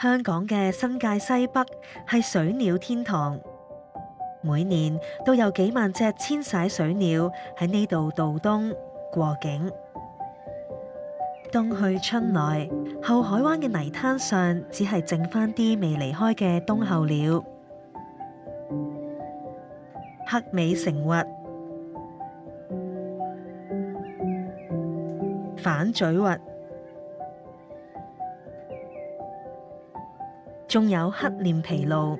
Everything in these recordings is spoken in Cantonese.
香港嘅新界西北係水鳥天堂，每年都有幾萬隻遷徙水鳥喺呢度渡冬過境。冬去春來，後海灣嘅泥灘上只係剩翻啲未離開嘅冬候鳥：黑尾塍鷸、反嘴鷸。仲有黑臉琵鷺，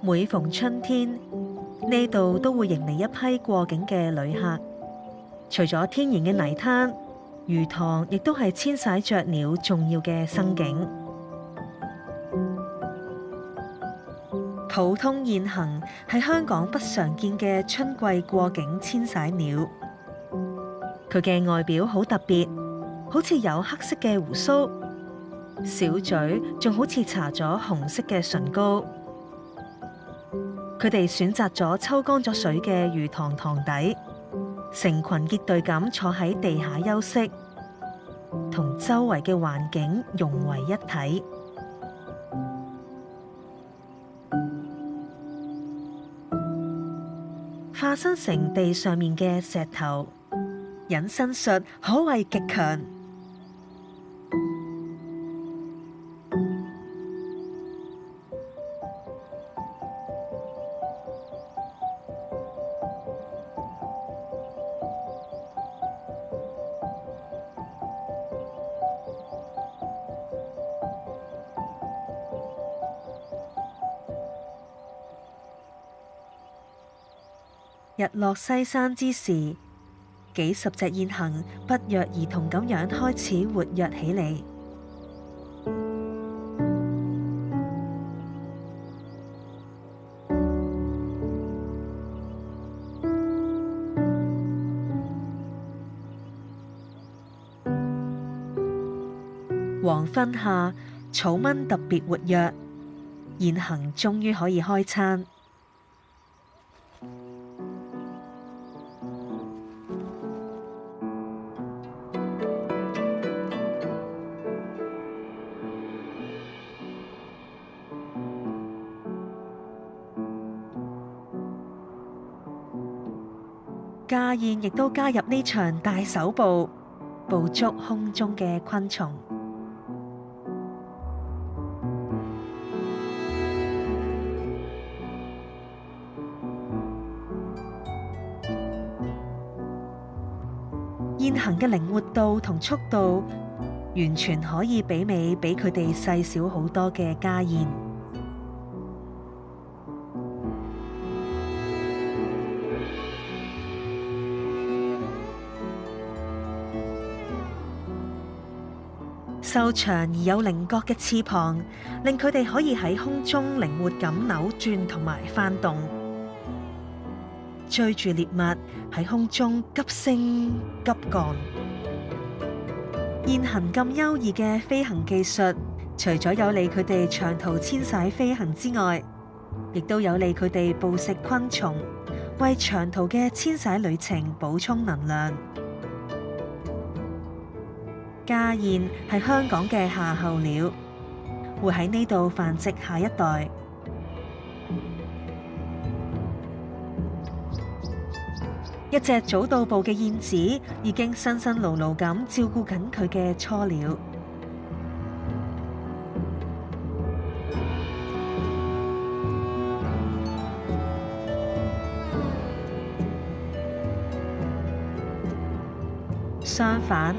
每逢春天，呢度都會迎嚟一批過境嘅旅客。除咗天然嘅泥灘、魚塘，亦都係遷徙雀鳥重要嘅生境。普通燕鴴係香港不常見嘅春季過境遷徙鳥。佢嘅外表好特別，好似有黑色嘅鬍鬚，小嘴仲好似搽咗紅色嘅唇膏。佢哋選擇咗抽乾咗水嘅魚塘塘底，成群結隊咁坐喺地下休息，同周圍嘅環境融為一體，化身成地上面嘅石頭。隱身術可謂極強。日落西山之時。幾十隻燕鴴不約而同咁樣開始活躍起嚟。黃昏下，草蚊特別活躍，燕鴴終於可以開餐。家燕亦都加入呢場大搜捕，捕捉空中嘅昆蟲。燕鴴嘅靈活度同速度，完全可以媲美比佢哋細小好多嘅家燕。瘦長而有棱角嘅翅膀，令佢哋可以喺空中靈活咁扭轉同埋翻動，追住獵物喺空中急升急降。現行咁優異嘅飛行技術，除咗有利佢哋長途遷徙飛行之外，亦都有利佢哋捕食昆蟲，為長途嘅遷徙旅程補充能量。家燕係香港嘅夏候鳥，會喺呢度繁殖下一代。 一隻早到步嘅燕子已經辛辛勞勞咁照顧緊佢嘅雛鳥。 相反。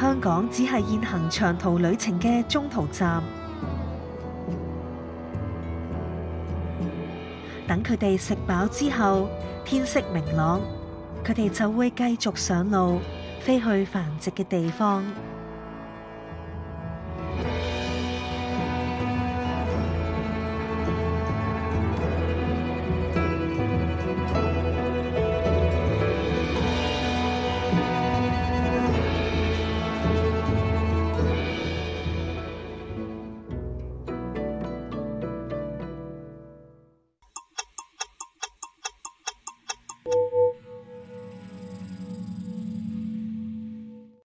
香港只係燕鴴長途旅程嘅中途站，等佢哋食飽之後，天色明朗，佢哋就會繼續上路，飛去繁殖嘅地方。